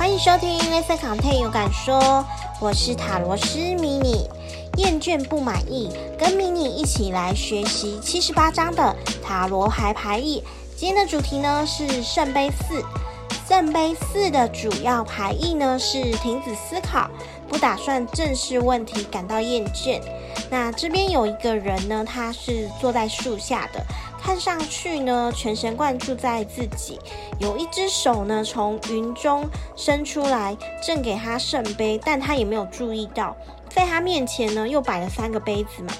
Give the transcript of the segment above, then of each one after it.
歡迎收聽《ListenContent 有感說》，我是塔羅師迷你，厭倦不滿意，跟迷你一起來學習七十八張的塔羅牌牌意。今天的主題呢是聖杯四，聖杯四的主要牌意呢是停止思考，不打算正視問題，感到厭倦。那這邊有一個人呢，他是坐在樹下的。看上去呢，全神貫注在自己，有一隻手呢從雲中伸出來，正給他聖杯，但他也沒有注意到，在他面前呢又擺了三個杯子嘛，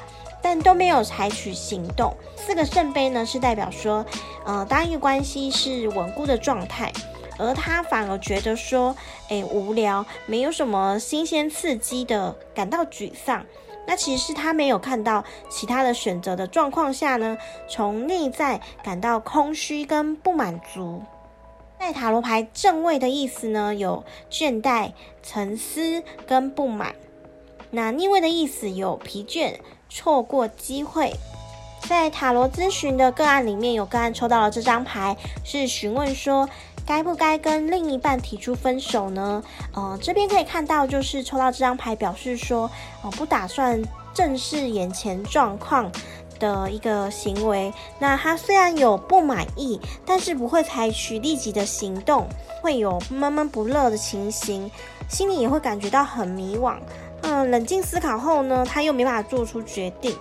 但都沒有採取行動。四個聖杯呢是代表說，呃，當一個關係是穩固的狀態，而他反而覺得說，誒、欸、無聊，沒有什麼新鮮刺激的，感到沮喪。那其實是他沒有看到其他的選擇的狀況下呢，從內在感到空虛跟不滿足。在塔羅牌正位的意思呢，有倦怠、沉思跟不滿；那逆位的意思有疲倦、錯過機會。在塔羅諮詢的個案裡面，有個案抽到了這張牌，是詢問說。該不該跟另一半提出分手呢？呃，這邊可以看到，就是抽到這張牌，表示說，呃，不打算正視眼前狀況的一個行為。那他雖然有不滿意，但是不會採取立即的行動，會有悶悶不樂的情形，心裡也會感覺到很迷惘。嗯、呃，冷靜思考後呢，他又沒辦法做出決定。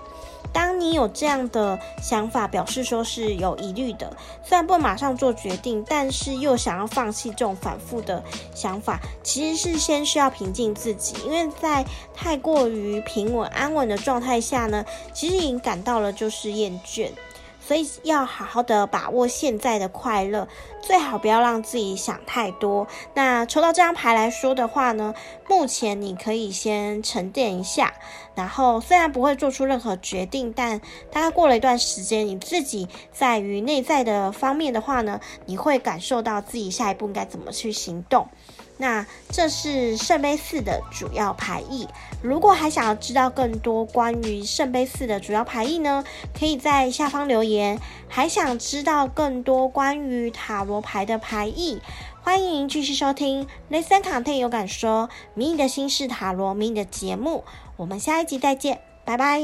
當你有這樣的想法，表示說是有疑慮的，雖然不馬上做決定，但是又想要放棄這種反覆的想法，其實是先需要平靜自己，因為在太過於平穩安穩的狀態下呢，其實已經感到了就是厭倦。所以要好好的把握現在的快樂，最好不要讓自己想太多。那抽到這張牌來說的話呢，目前你可以先沉澱一下，然後雖然不會做出任何決定，但大概過了一段時間，你自己在於內在的方面的話呢，你會感受到自己下一步應該怎麼去行動。那這是聖杯四的主要牌意。如果還想要知道更多關於聖杯四的主要牌意呢，可以在下方留言。還想知道更多關於塔羅牌的牌意，歡迎繼續收聽 ListenContent 有感說《迷你的心事塔羅迷你的節目》。我們下一集再見，拜拜。